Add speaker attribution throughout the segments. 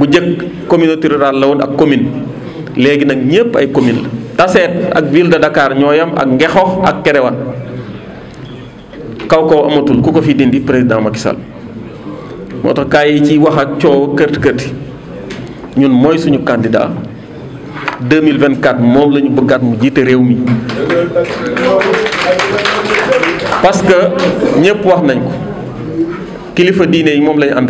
Speaker 1: bu njëkk communauté rurale la woon ak commune léegi nag ñëpp ay commune la Tasset ak ville de Dakar ñoo yam ak Ngexox ak Kerewan kaw kaw amatul ku ko fi dindi président Macky Sall moo tax kaay yi ci wax ak coow kërti kërti ñun mooy suñu candidat 2024 moom la ñu bëggaat mu jiite réew mi parce que ñëpp wax nañ ko kilifa diine yi moom lañu àndal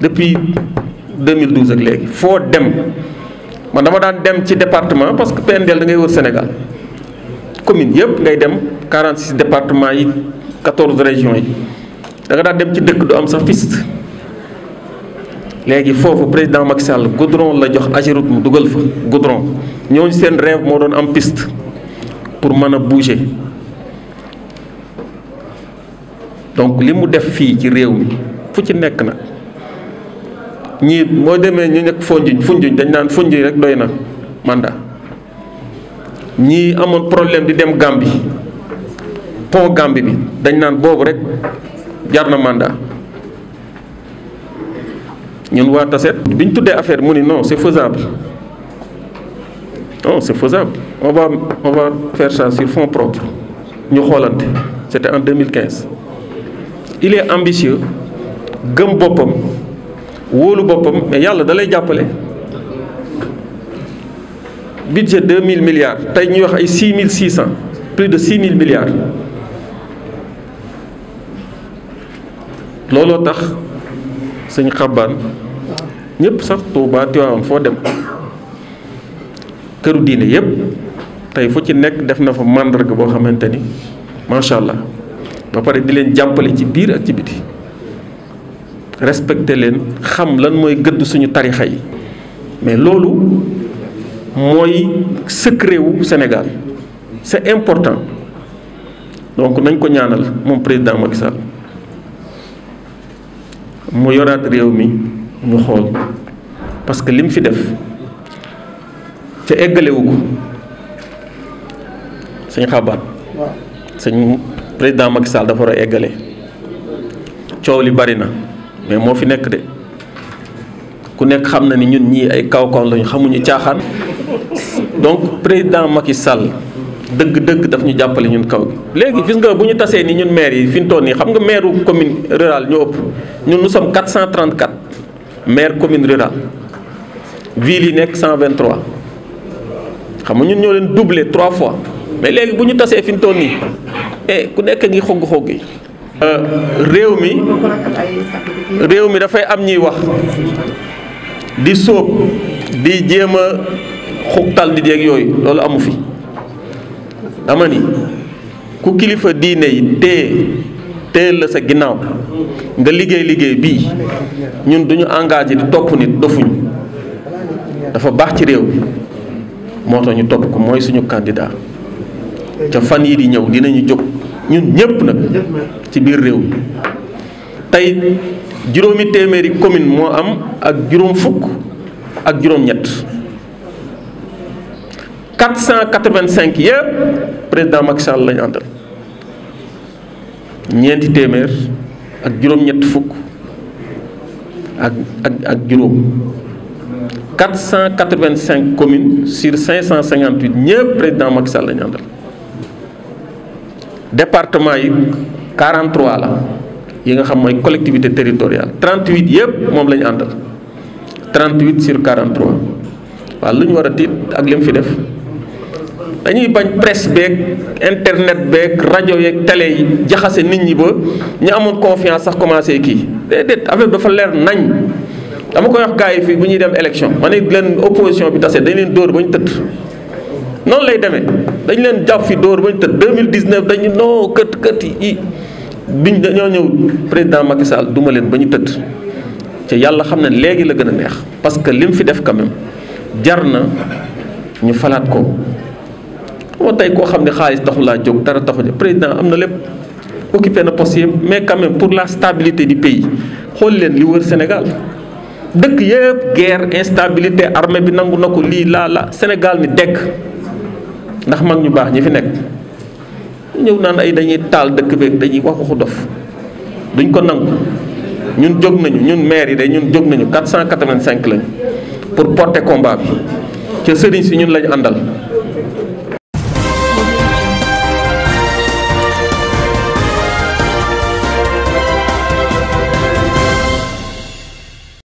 Speaker 1: depuis 2012 ak légui fo dem man dama dan dem ci département parce que PNDL da ngay wour Sénégal commune yépp ngay dem 46 départements yi 14 régions yi da nga daan dem ci dëkk du am sax piste. légui fofu président Macky Sall goudron la jox Ageroute mu dugal fa goudron ñooñu seen rêve mo doon am piste pour mën bouger donc li mu def fii ci réew mi fu ci nekk nag ni bo demee ñu nek Foundiougne Foundiougne dañ nan Foundiougne rek doyna manda mandat amone problème di dem Gambie pont Gambie bi dañ nan bobu rek jarna manda mandat ñun wa tasset bi tuddé affaire mu ni non c'est faisable non c'est faisable on va on va faire ça sur fonds propres ñu xolante c'était en 2015 il est ambitieux gëm boppam. wolu bopam mais yàlla da lay budget 2000 milliards tay ñu wax ay 6600 plus de 6000 milliards lolo tax señ xabbaan ñepp sax Tuubaa Tiwaawan fo dem këru diine yépp tay fu ci nek def na fa mandarga bo xamanteni ni allah ba pare di len jàppale ci biir ak ci biti respecté leen xam lan mooy gëdd suñu tarixa yi mais loolu mooy secret wu Sénégal c'est important donc nañ ko ñaanal moom président Macky Sall mu yoraat réew mi ñu xool parce que lim fi def ca eggalewu ko sëñ xabaat sëñ président Macky Sall dafa war a eggale coow li bari na mais mo fi nek de ku nek xamna ni ñun ñi ay kaw kawkoon lañu xamuñu tiaxan donc président Macky Sall deug deug daf ñu jappalé ñun kaw gi léegi gis nga buñu tassé ni ñun maire yi fiñ ñu toll xam nga maire commune rurale ñu ëpp ñun nous sommes 434 maire commune rurale ville yi nek 123 xam nga ñun ñoo leen doublé trois fois mais légui buñu tassé fiñ fi ñu toll eh ku nek ngi xog xog yi Euh, réew mi réew mi dafay am ñuy wax di sóob di jéem a xuqtal di jeeg yooyu loolu amu fi dama ni ku kilifa diine yi téye téyel la sa ginnaaw nga liggéey liggéey bii ñun duñu engage di topp nit dofuñu dafa baax ci réew mi moo tax ñu topp ko mooy suñu candidat ca fan yi di ñëw dinañu jóg ñun ñëpp nag ci biir réew tey juróomi téeméeri commune moo am ak juróom fukk ak juróom-ñett 485 yëpp président Macky Sall lañu àndal ñeenti téeméer ak juróom-ñett fukk ak ak ak juróom 485 communes sur 558 ñëpp président Macky Sall lañu àndal département yi 43 la yi nga xam mooy collectivité territoriale 38 yëpp moom la ñu àndal 38 sur 43 waaw lu ñu war a tiit ak li fi def dañuy bañ presse beeg internet beeg rajo yeeg télé yi jaxase nit ñi ba ñu amoon confiance sax commencé kii déedéet affaire dafa leer nañ dama koy wax gars yi fii bu ñuy dem élection ma ne leen opposition bi tase dañ leen dóor ba ñu tëdd. noonu lay demee dañ leen jàpp fi dóor ba ñu tëdd 2019 dañu noo kët kët yi biñ dañoo ñëw président Macky Sall duma leen ba ñu tëdd te yàlla xam ne léegi la gën a neex parce que lim fi def quand jar na ñu falaat ko moo tey koo xam ne xaalis taxu laa jóg dara taxu président am na lépp occupé na poste yëpp mais quand pour la stabilité di pays xool leen li wër Sénégal dëkk yëpp guerre instabilité armée bi nangu na ko lii laa la Sénégal ni dekk ndax mag ñu baax ñi fi nekk ñëw naan ay dañuy taal dëkk beeg dañuy wax waxu dof duñ ko nangu ñun jóg nañu ñun maire yi de ñun jóg nañu 485 lañu pour porter combat bi ca sëriñ si ñun lañu àndal